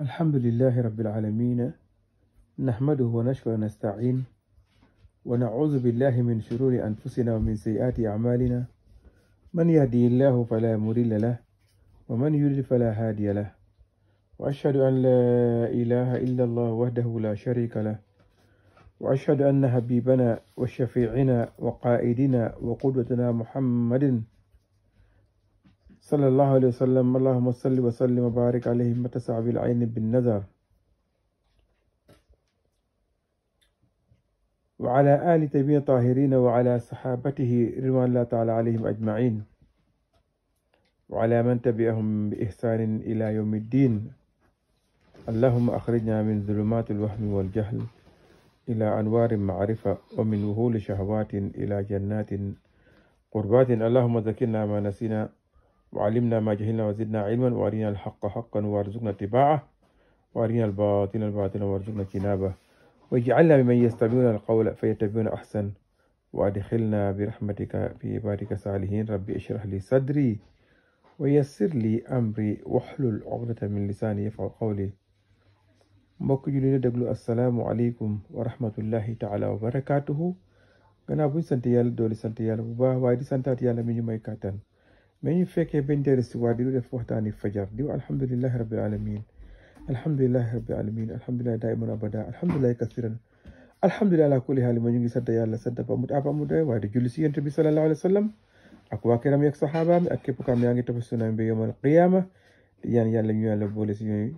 الحمد لله رب العالمين نحمده ونشكر ونستعين ونعوذ بالله من شرور أنفسنا ومن سيئات أعمالنا من يهدي الله فلا مضل له ومن يضلل فلا هادي له وأشهد أن لا إله إلا الله وحده لا شريك له وأشهد أن حبيبنا وشفيعنا وقائدنا وقدوتنا محمد صلى الله عليه وسلم اللهم صل وسلم وبارك عليه متسع بالعين بالنظر وعلى آل تيمية طاهرين وعلى صحابته رضوان الله تعالى عليهم أجمعين وعلى من تبعهم بإحسان إلى يوم الدين اللهم أخرجنا من ظلمات الوهم والجهل إلى أنوار المعرفة ومن وهول شهوات إلى جنات قربات اللهم ذكرنا ما نسينا وعلمنا ما جهلنا وزدنا علما وارنا الحق حقا وارزقنا اتباعه وارنا الباطل الباطن وارزقنا اجتنابه واجعلنا ممن يستمعون القول فيتبعون احسن وادخلنا برحمتك في عبادك الصالحين ربي اشرح لي صدري ويسر لي امري واحلل عقدة من لساني يفعل قولي مبوك ju leen السلام عليكم ورحمة الله تعالى وبركاته غنا بو سنتيال دولي سنتيال بو با yàlla سنتات يالا مي di santaat من يفك بين دير السواد دي فوحت عني فجر دي والحمد لله رب العالمين الحمد لله رب العالمين الحمد لله دائما ابدا الحمد لله كثيرا الحمد لله على كل حال من يجي سد يالله سد بامود ابا مود واد جلسي انت صلى الله عليه وسلم اكو كرام يك صحابه اكيبو كام ياغي تفسنا بيوم القيامه ديان يالله ني يالله بوليس ني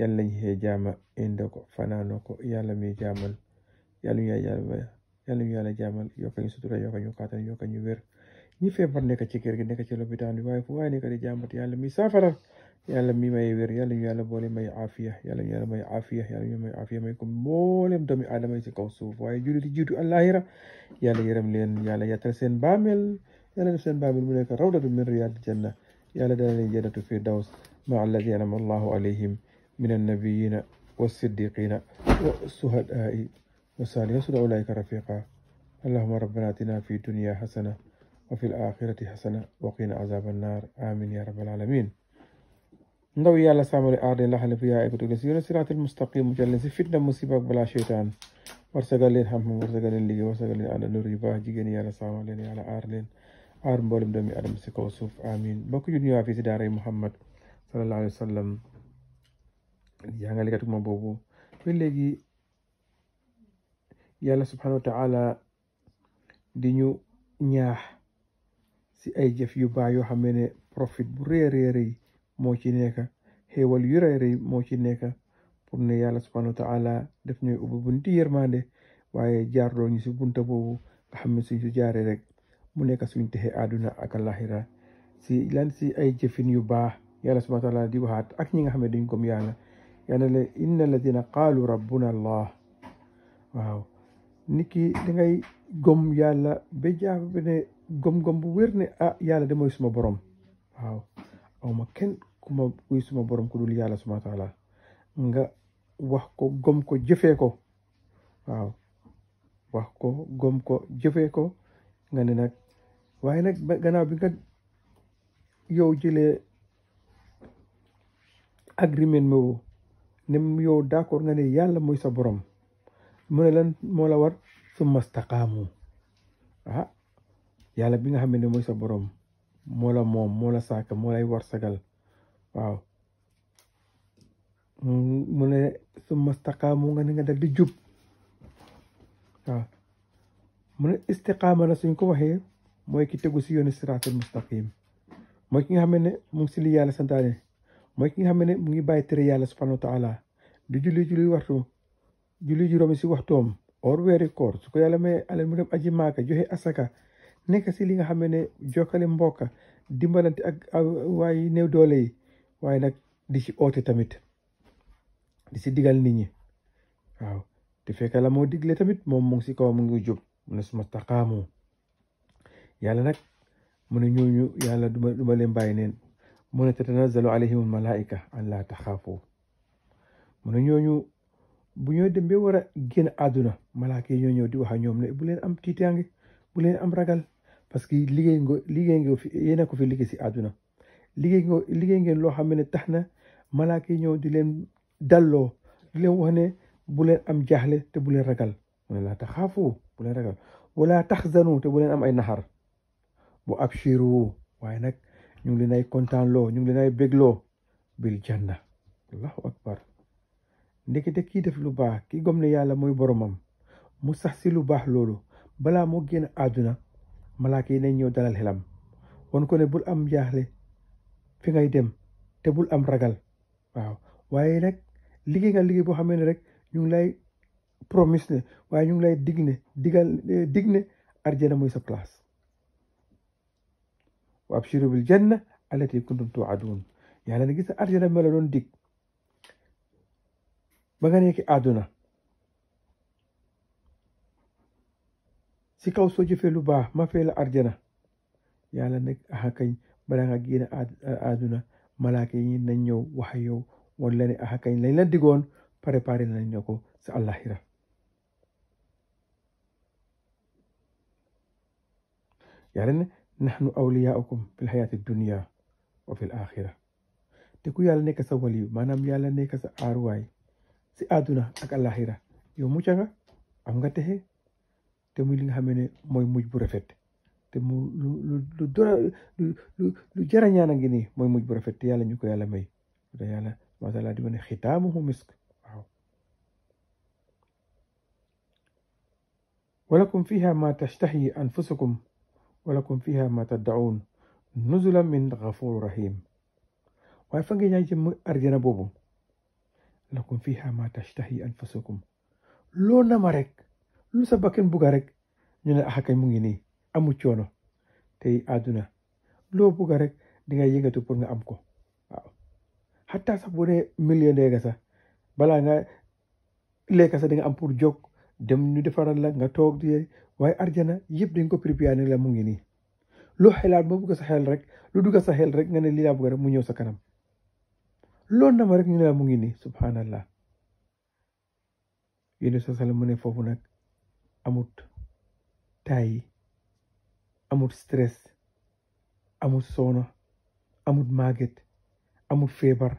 يالله ني هجاما اندكو فنانوكو يالله مي جامل يالله يالله يالله يالله جامل يوكني سوتو يوكني كاتن يوكني وير ñi feebar nekk ci kër gi nekk ci lopitaan bi waaye fu waaye nekk di jàmbat yàlla mi saafara yàlla mi may wér yàlla ñu yàlla boole may afiya yàlla ñu yàlla may afiya yàlla ñu may afiya may ko mboolem doomi adama ci kaw suuf waaye jullit yi jiitu àllaaxira yàlla yërëm leen yàlla yàttal seen baamel yàlla def seen baamel mu nekk rawdatu min riyaad janna yàlla dana leen jannatu daws ma alladi anama allahu alayhim min annabiyina والصديقين والشهداء والصالحين سنة أولئك رفيقا اللهم ربنا آتنا في الدنيا حسنة وفي الآخرة حسنة وقنا عذاب النار آمين يا رب العالمين نضوي على سامر آرد الله اللي فيها إبرة سيرة الصراط المستقيم مجلس فتنة مصيبة بلا شيطان ورسقال لين هم ورسقال لين لغي ورسقال لين على نور يباه جيجني على سامر لين على آرلين آرم بولم دمي آرم سكوسوف آمين بكو جنيا في سداري محمد صلى الله عليه وسلم jàngalekatuma boobu ba في yàlla يا الله سبحانه وتعالى دينيو نياح si ay jëf yu baax yoo xam ne profit bu rëy a rëy moo ci nekk xéewal yu rëy rëy moo ci nekk pour ne yàlla subhanahu wa taala def ñuy ubbi bunti yërmande waaye jaarloo ñu si bunta boobu nga xam ne suñ si jaaree rek mu nekk suñ texe àdduna ak alaxira si lan si ay jëfin yu baax yàlla subhanahu wa taala di waxaat ak ñi nga xam ne dañ gëm yàlla yàlla ne inna alladina qaalu rabbuna allah waaw nit ki da ngay gëm yàlla ba gom-gom bu wér ne ah yàlla de mooy suma borom waaw aw ma kenn ku ma suma borom ku dul yàlla subhaanahu wa taala nga wax ko gom ko jëfee ko waaw ko gom ko jëfee ko nga ne nag waaye nag gannaaw bi nga yow jëlee agreement mi woo ne yow d'accord nga ne yàlla muy sa borom mu ne lan moo la war summa staqaamu ah Ya bi nga xam ne mola sa borom moo la moom moo la saaka moo lay war sagal waaw mu ne summa staqaamu nga ne nga dal di jub waaw mu ne istiqaama na suñ ko waxee mooy ki tegu si yoonu siraatul mustaqim mooy ki nga xam ne mu ngi si li yàlla santaane mooy ki nga xam ne ngi bàyyi tere subhanahu wa taala di julli julli waxtu julli or weeri koor su ko yàlla may alal mu dem aji maaka joxe asaka nekk si li nga xam ne jokkale mbokka dimbalante ak waaye ne doole yi waaye nag di ci oote tamit di si diggal nit ñi waaw te fekk la moo digle tamit moom mu ngi si kaw mu ngi jub mu ne suma taqaamu yàlla nag mu ne ñooñu yàlla duma duma leen bàyyi neen mu ne tatanazzalu alayhim almalaika an laa taxaafu mu ne ñooñu bu ñoo dem ba war a génn àdduna malaaka ñoo ñëw di wax ak ñoom ne bu leen am tiitaange bu leen am ragal parce que liggéey nga liggéey nga fi yéen a ko fi liggéey si àdduna liggéey nga liggéey ngeen loo xam ne tax na malaaka yi ñëw di leen dalloo di leen wax ne bu leen am jaaxle te bu leen ragal mu ne laa taxaafu bu leen ragal wala taxzanu te bu leen am ay naxar bu abshiru waaye nag ñu ngi leen ay kontaan loo ñu ngi leen ay bégloo bil janna allahu akbar ndekete kii def lu baax ki gom ne yàlla mooy boromam mu sax si lu baax loolu balaa moo génn àdduna malaaka yi nañ ñëw dalal xelam won ko ne bul am jaaxle fi ngay dem te bul am ragal waaw waaye nag liggéey nga liggéey boo xamee ne rek ñu ngi lay promise ne waaye ñu ngi lay digne ne digal eh, dig ne arjana mooy sa place wa abshiru bil janna allati kuntum tuadun yàlla ne gis arjana mala doon dig ba nga àdduna si kaw soo jëfee lu baax ma fee la arjana yàlla nag aha kañ balaa nga génn yi nañ ñëw wax yow wan la ne aha lañ la digoon préparé nañ ne ko si àllaaxira yàlla ne nahnu awliyaaukum fil xayaati dunia wa fil te ku yàlla nekk sa waliyu maanaam yàlla nekk sa si àdduna ak àllaaxira yow mucca nga am te muy li nga xam ne mooy mujj bu rafet te mu lu lu lu dora lu lu jara ñaan a ngi nii mooy mujj bu rafet te yàlla ñu ko yàlla may te yàlla macha allah di ma ne xitaamuhu misk waaw walakum fiha ma tashtahi anfusukum walakum fiha ma taddaun nuzulan min ghafur rahim waaye fa ngeen ñaan ci mu arjana boobu lakum fiha ma tashtahi anfusukum loo nama rek lu sa bakkan bugga rek ñu ne axakay mu ngi nii amul coono tey àdduna loo bugga rek di nga yëngatu pour nga am ko waaw xataa sax bu dee millionnaire nga sax balaa nga lekk sax di am pour jóg dem ñu defaral la nga toog di waaye arjana yëpp dañ ko préparé la mu ngi nii loo xelaat moo bugg sa xel rek lu dugg sa xel rek nga ne lii laa rek mu ñëw sa kanam loolu na rek ñu ne mu ngi nii subhanallah yéen sa mu ne foofu nag amut taayi amut stress amut soono amut màgget amut feebar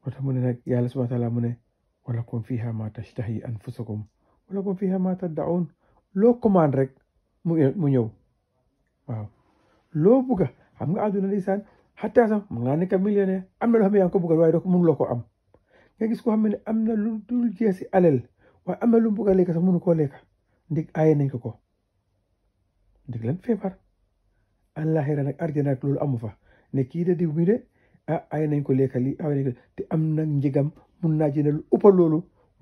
moo tax mu ne nag yàlla subhaana taala mu ne wala kum fiha ma tashtahi anfusakum wala kum fiha ma taddaun loo commande rek mu ñëw waaw loo bugga xam nga àdduna ndeysaan xataa sax mun ngaa nekk millionnaire am na loo xam ne yaa ngi ko bugga mun loo ko am nga gis ko xam ne am na lu lu jeex si alal waaye am na lu mu bëgg a lekk sax mënu koo lekk ndig aaye nañ ko ko ndig lan feebar àllaaxira nag arjana ak loolu amu fa ne kii de diw bi de ah nañ ko lekk lii aaye te am nag njëgam mun naa jënd lu ëpp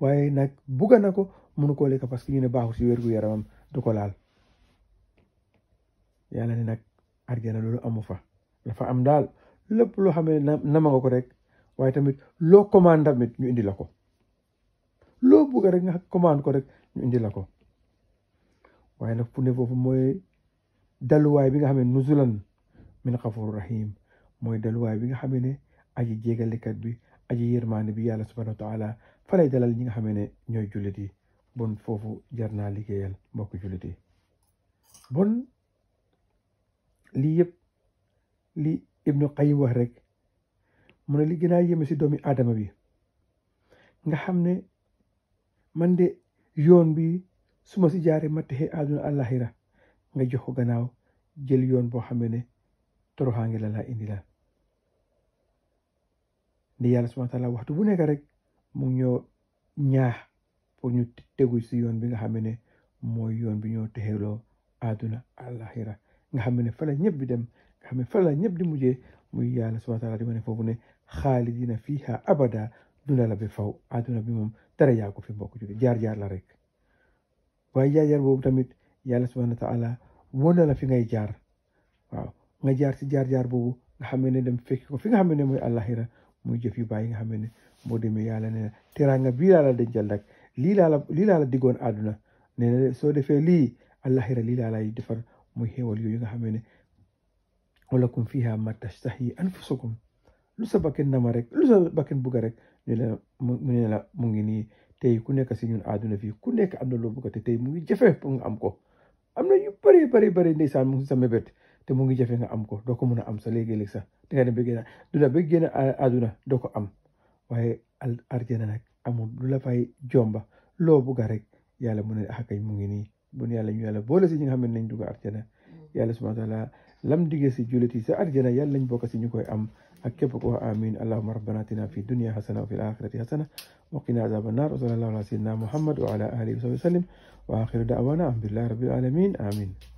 waaye nag bëgg na ko mënu koo lekk parce que ñu ne baaxul si wérgu yaramam du ko laal yàlla nag arjana loolu amu fa dafa am daal lépp loo xam ne nama nga ko rek waaye tamit loo commande tamit ñu indi la ko loo bëgg rek nga commande ko rek ñu indi ko waaye nag fu foofu mooy daluwaay bi nga xam ne nuzulan min xafur rahim mooy daluwaay bi nga xam ne aji jégalekat bi aji yërmaane bi yàlla subhanahu wa taala falay dalal ñi nga xam ne ñooy jullit yi bon foofu jar naa liggéeyal mbokk jullit yi bon lii yëpp li ibnu Qayyim rek mu ne li gën a si doomi aadama bi nga xam ne man de yoon bi su ma si jaaree ma texee àdduna àllaaxira nga jox ko gannaaw jël yoon boo xam ne toroxaange la laa indi la ne yàlla subhaana waxtu bu nekk rek mu ñoo ñaax pour ñu tegu si yoon bi nga xam ne mooy yoon bi ñoo texeeloo àdduna àllaaxira nga xam ne fa la ñëpp di dem nga xam ne fa la ñëpp di mujjee muy yàlla subhaana taala di ma ne foofu ne xaalidina fiha abada dunda la ba faw àdduna bi moom dara fi mbokk jullit jaar-jaar la rek waaye jaar boobu tamit yàlla subhanahu wa taala woon na la fi ngay jaar waaw nga jaar si jaar-jaar boobu nga xam ne dem fekk ko fi nga xam ne mooy àllaaxira muy jëf yu bàyyi nga xam ne boo demee yàlla nee na bi bii laa la dencal rek lii laa la lii laa la àdduna nee soo defee lii àllaaxira lii laa lay defar muy xéewal yooyu nga xam ne walakum fiha ma tashtahi anfusukum lu sa bakkan nama rek lu sa bakkan bugg rek ñu ne mu ne la mu ngi nii tey ku nekk si ñun àdduna fii ku nekk am na loo bugg te tey mu ngi jafe pour nga am ko am na yu bari bari bari ndeysaan mu ngi sa mébét te mu ngi jafe nga am ko doo ko mun a am sa léegi-léegi sax di nga dem ba génn duna ba génn àdduna doo ko am waaye arjana nag amul lu la fay jomba loo bugg rek yàlla mun ne ah kay mu ngi nii bon yàlla ñu yàlla boole si ñi nga xam ne nañ dugg arjana mm. yàlla subhanahu wa lam dige si jullit yi sa arjana yàlla nañ bokk si ñu koy am ak képp ko wax amin allahuma rabbana atina fi dunya hasana wa fi alaxirati hasana wa qina azaba annar wa sallallahu ala sayyidina muhammad wa ala alihi wa sahbihi wa sallim wa akhiru da'wana alhamdulillahi rabbil alamin amin